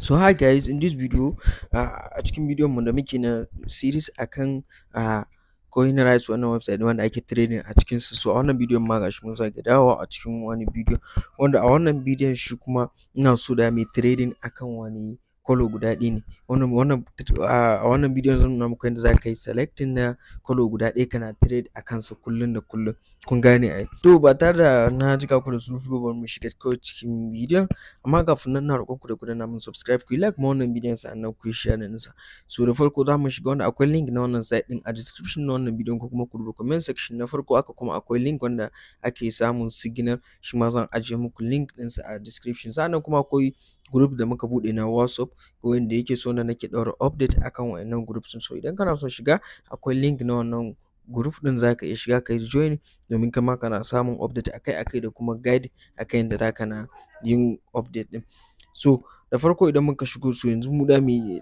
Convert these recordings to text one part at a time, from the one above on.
so hi guys in this video uh, a cikin bidiyon mu da muke na series akan coin uh, rise wani website wanda ake trading a cikin su so a wannan bidiyon ma gashi mun sake dawo a cikin wani bidiyo wanda a wannan bidiyon shi kuma ina so da mai trading akan wani kolo guda ɗaya ne wannan a wannan bidiyon zan nuna muku yadda za ka yi selecting na kolo guda ɗaya kana trade a kansa kullum da kullum kun gane ai to ba tare da na jika ku da sunfi ba mu shiga cikin bidiyon amma kafin nan na roƙon ku da ku danna mun subscribe ku yi like ma wannan bidiyon sannan ku yi share nisa so da farko za mu shiga wanda akwai link na wannan site ɗin a description na wannan bidiyon ko kuma ku duba comment section na farko aka kuma akwai link wanda ake samun signal shi ma zan ajiye muku link ɗinsa a description sannan kuma akwai group da muka buɗe na WhatsApp wanda yake so na nake daura update akan wannan group sun So idan kana so shiga akwai link na wannan group din zaka iya shiga kai join domin kama kana samun update akai-akai da kuma guide akan yadda zaka na yin update din So da farko idan muka shigo so yanzu mu dami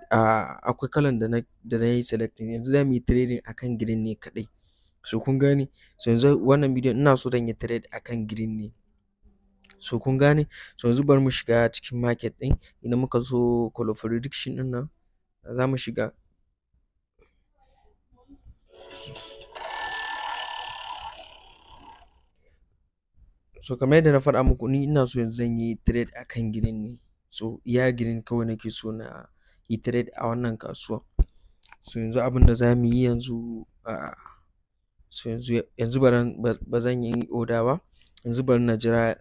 akwai kalan da na da na yi yanzu za mu yi trading akan green ne kadai So kun gane? So yanzu wannan bidiyon ina so zan yi trade akan green ne. so kun gane so yanzu bari mu shiga cikin market din idan muka zo color prediction ɗin nan za mu shiga so kamar yadda na faɗa muku ni ina so yanzu zan yi trade akan green ne so iya green kawai nake so na yi trade a wannan kasuwa so yanzu abin da za mu yi yanzu ah, so yanzu yanzu ba zan yi oda ba yanzu bari na jira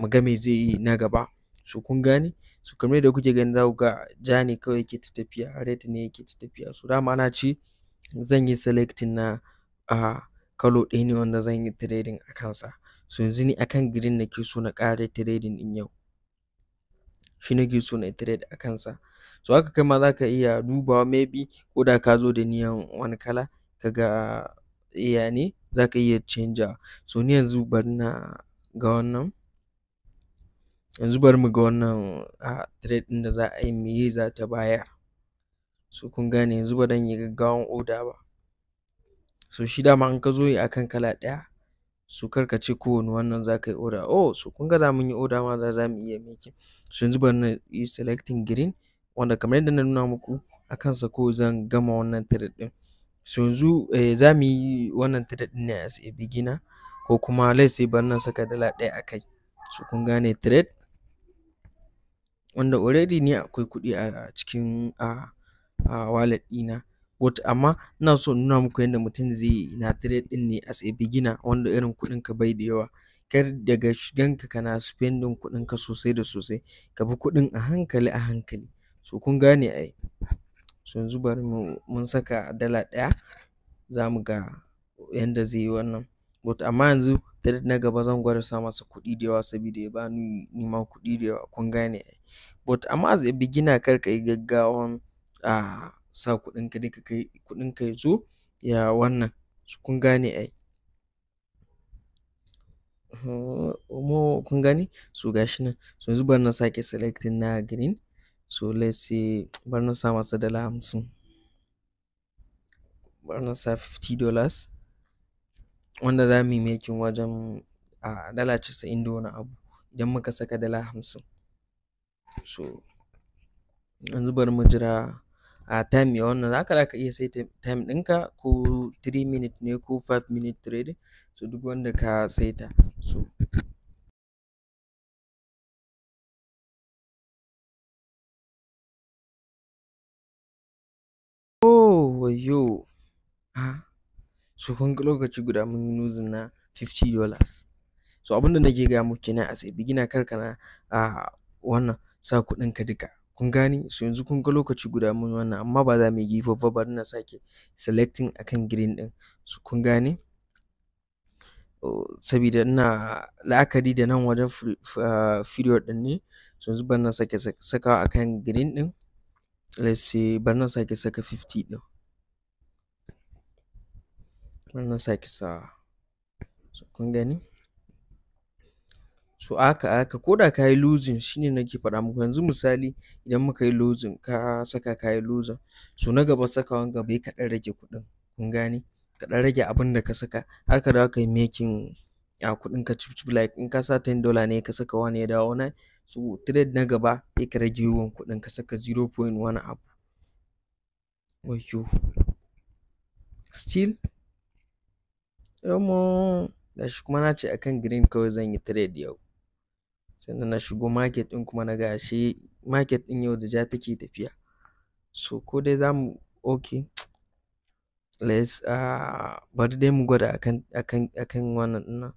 mu ga zai yi na gaba Su kun gane so kamar yadda kuke gani za ku ga ja ne kawai yake ta tafiya red ne yake ta tafiya so dama na ce zan yi selectin na kalo ɗaya ne wanda zan yi trading a kansa so yanzu ni akan green nake so na ƙara trading ɗin yau shi nake so na trade a kansa so haka kai ma za ka iya dubawa maybe ko da ka zo da niyan wani kala ka iya ne za ka iya canjawa. So ni yanzu bari na ga wannan, yanzu bari mu ga wannan a trade ɗin da za a yi meye za ta bayar. So kun gane yanzu ba zan yi gaggawan oda ba. So shi dama in ka zo yi a kan kala ɗaya so kar ka ce kowane wannan za ka yi oda Oh so kun ga za mun yi oda ma za mu iya making. So yanzu bari na yi selecting green wanda kamar yadda na nuna muku a sa kawai zan gama wannan trade ɗin. So yanzu eh, za mu yi wannan thread ɗin ne as a beginner ko kuma let's say ban na saka dala ɗaya a kai. So kun gane thread wanda already ni akwai kuɗi a cikin a a wallet ɗina. But amma ina so in nuna muku yadda mutum zai na thread ɗin ne as a beginner wanda irin ka bai da yawa. kar daga shiganka kana spending kuɗinka sosai da sosai ka bi kuɗin a hankali a hankali so kun gane ai so yanzu bari mu mun saka dala ɗaya za mu ga yanda zai yi wannan but amma yanzu da na gaba zan gwada sa masa kuɗi da yawa sabida ya ba ni ma kuɗi da yawa kun gane ai but amma as a beginner kar ka yi gaggawan a sa kuɗinka duka kai kuɗinka ya zo ya wannan kun gane ai kun gane so gashi nan so yanzu na sake selecting na green So let's say bari sa masa dala hamsin. barna sa fifty dollars wanda za mu yi making wajen a dala casa'in da wani abu idan muka saka dala hamsin. So yanzu bari mu jira a time ya wannan ka za ka iya saita time ɗinka ko 3 minute ne ko 5 minute trading so duk wanda ka saita so Yo, ha so kun ga lokaci guda mun yi losing na $50. So abinda nake gaya muku kenan as a beginner kar na a wannan sa ka duka. Kun gani So yanzu kun ga lokaci guda mun wannan amma ba za mu yi give ba bari na sake selecting akan green din So kun gani sabida ina la'akari da nan wajen video din ne so yanzu ban na sake sakawa akan green din let's say ban na sake saka 50 din. wannan sa ki sa so kun gani so aka aka ko da ka yi losing shine nake faɗa muku yanzu misali idan muka yi losing ka saka ka yi losing so na gaba sakawan gaba ka ɗan rage kuɗin kun gane ka ɗan rage abin da ka saka har ka dawo ka yi making a kuɗin ka cip cip like in ka sa ten dollar ne ka saka wani ya dawo na so trade na gaba sai ka rage yawan kuɗin ka saka zero point wani abu still Yamma! Gashi kuma na ce a kan green kawai zan yi trade yau. Sannan na shigo market ɗin kuma na ga ashe market ɗin yau da ja take tafiya. So ko dai za mu okay let's uh, bari dai mu gwada akan akan akan wannan ɗin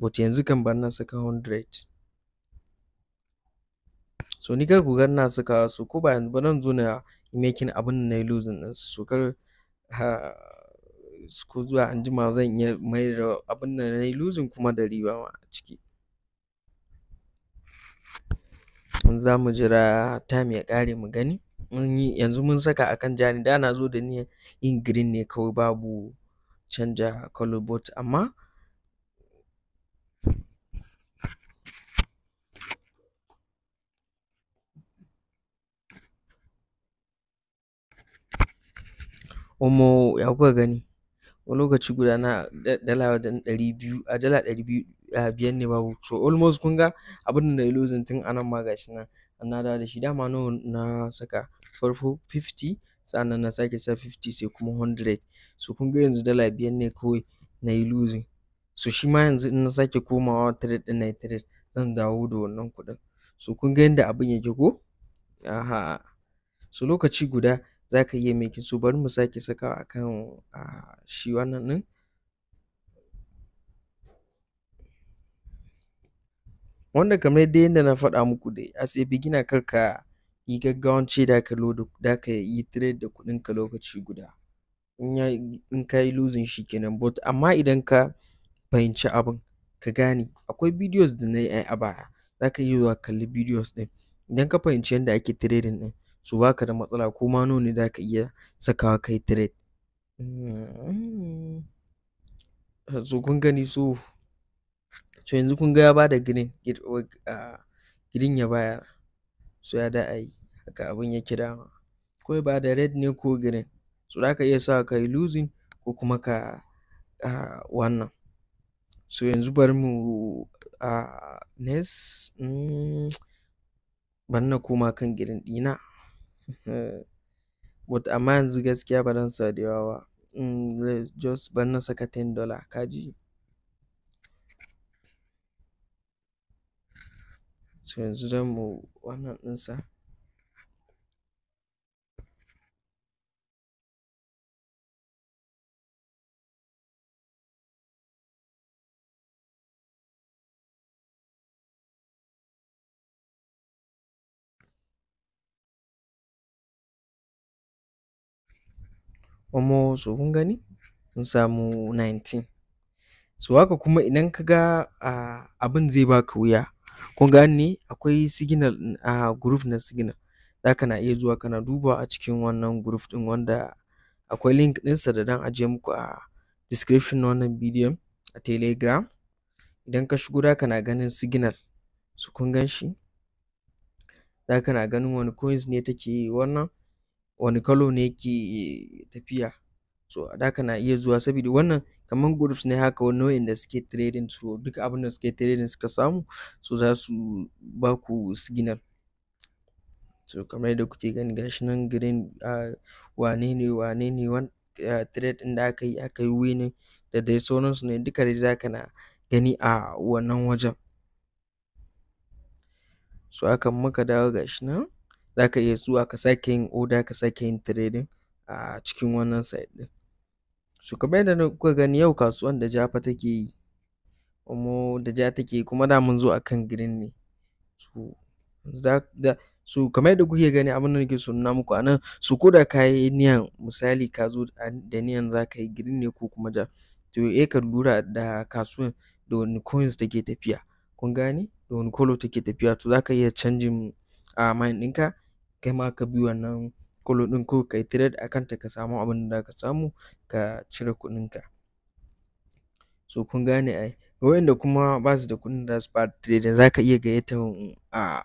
but yanzu kan bari na saka 100. So ni kar ku ga ina sakawa so ko ba yanzu ba zan zo na making abin da na yi losing ɗinsa so kar uh, ko zuwa anjima zan iya mai da abin da na losing kuma da riba ma a ciki in za mu jira time ya ƙare mu gani mun yi yanzu mun saka akan ja ne da na zo da niyyar yin green ne kawai babu canja color but amma omo ya kuka gani lokaci guda na dala wajen ɗari biyu a dala ɗari biyu biyar ne babu so almost kun ga abin da na yi losing tun anan ma gashi nan na dawo da shi dama nawa na saka farko 50 sannan na sake sa 50 sai kuma 100 so kun ga yanzu dala biyar ne kawai na yi lozin so shi ma yanzu in na sake komawa trade da na trade zan dawo da wannan kuɗin so kun ga yadda abin yake ko aha so lokaci guda za ka iya making so bari mu sake sakawa akan a shi wannan ɗin wanda kamar dai yadda na faɗa muku dai as a beginner kar ka yi gaggawan ce da ka lo da ka yi trade da kuɗin ka lokaci guda in ka yi losing shi kenan but amma idan ka fahimci abin ka gane akwai videos da na yi a baya za ka iya zuwa kalli videos ɗin idan ka fahimci yadda ake trading ɗin su baka da matsala ko ma nawa ne ka iya sakawa kai trade mm. so kun gani so so yanzu kun ga ya da green green ya baya so ya da a yi haka abin ya kira dama ko ba bada red ne ko green so ka iya sa ka yi losing ko kuma ka wannan so yanzu bari mu a next mm, bari na koma kan green ɗina Eh, but amma yanzu gaskiya ba zan sa da yawa ba mm, just ban na saka 10 dollar kaji so yanzu dan mu wannan ɗinsa Omo! So kun gani? Sun samu 19. So haka kuma idan ka ga abin zai baka wuya, kun gani ne? Akwai signal a group na signal, za na iya zuwa kana duba a cikin wannan group din wanda akwai link ɗinsa da dan ajiye muku a description na wannan bidiyon a telegram. Idan ka shigo za na ganin signal, su kun gan shi? Za na ganin wani coins ne take wannan. wani kalo ne yake tafiya so haka na iya zuwa saboda wannan kamar groups ne haka wani nau'in da suke trading so duka abin da suke trading suka samu so za su ba ku signal so kamar yadda kuke gani gashi nan green wane ne wane ne wan trade din da aka yi aka yi winning da dai sauransu ne duka dai zaka na gani a wannan wajen so hakan muka dawo gashi nan za ka iya zuwa ka sake yin oda ka sake yin trading a cikin wannan site din so kamar yadda kuka gani yau kasuwan da jafa take yi kuma da ja take kuma da mun zo akan green ne su da kamar yadda kuke gani abin da nake sunna muku a nan so ko da ka yi niyan misali ka zo da niyan za ka yi green ne ko kuma ja to eh ka lura da kasuwan da wani coins take tafiya kun gani da wani colour take tafiya to za ka iya canjin a mind ɗinka kai ma ka bi wannan kolo ɗin ko kai tired a kanta ka samu abin da ka samu ka cire kuɗinka. So kun gane ai. Ga waɗanda kuma ba su da kuɗin da su fara trading za ka iya gayyatar a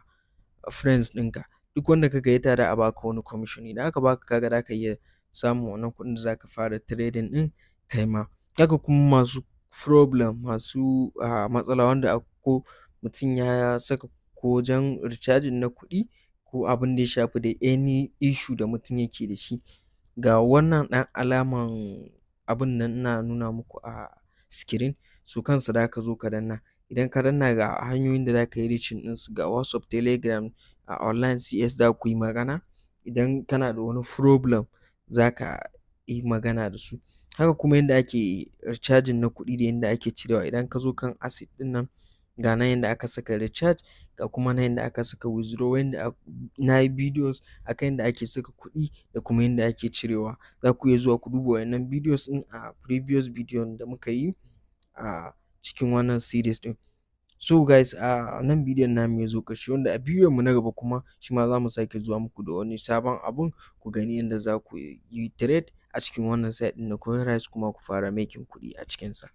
friends ɗinka duk wanda ka gayyata da a baka wani commission idan aka ba ka za ka iya samun wannan kuɗin da za ka fara trading ɗin kai ma. Haka kuma masu problem masu matsala wanda ko mutum ya saka ko wajen recharging na kuɗi ko abin da ya shafi da any issue da mutum yake da shi ga wannan ɗan alaman abin nan ina nuna muku a screen su kansu da ka zo ka danna idan ka danna ga hanyoyin da za ka yi reaching ɗinsu ga whatsapp telegram a online cs da ku yi magana idan kana da wani problem za ka yi magana da su haka kuma yadda ake recharging na kuɗi da yadda ake cirewa idan ka zo kan asset ɗin nan ga nan yadda aka saka recharge ga kuma nan yadda aka saka withdraw wanda na yi videos akan yadda ake saka kuɗi da kuma yadda ake cirewa za ku iya zuwa ku duba wa'innan videos ɗin a previous video da muka yi a cikin wannan series ɗin so guys a nan bidiyon namu ya zo ƙarshe wanda a bidiyon mu na gaba kuma shi ma za mu sake zuwa muku da wani sabon abun ku gani yadda za ku yi trade a cikin wannan site ɗin na coinrise kuma ku fara making kuɗi a cikinsa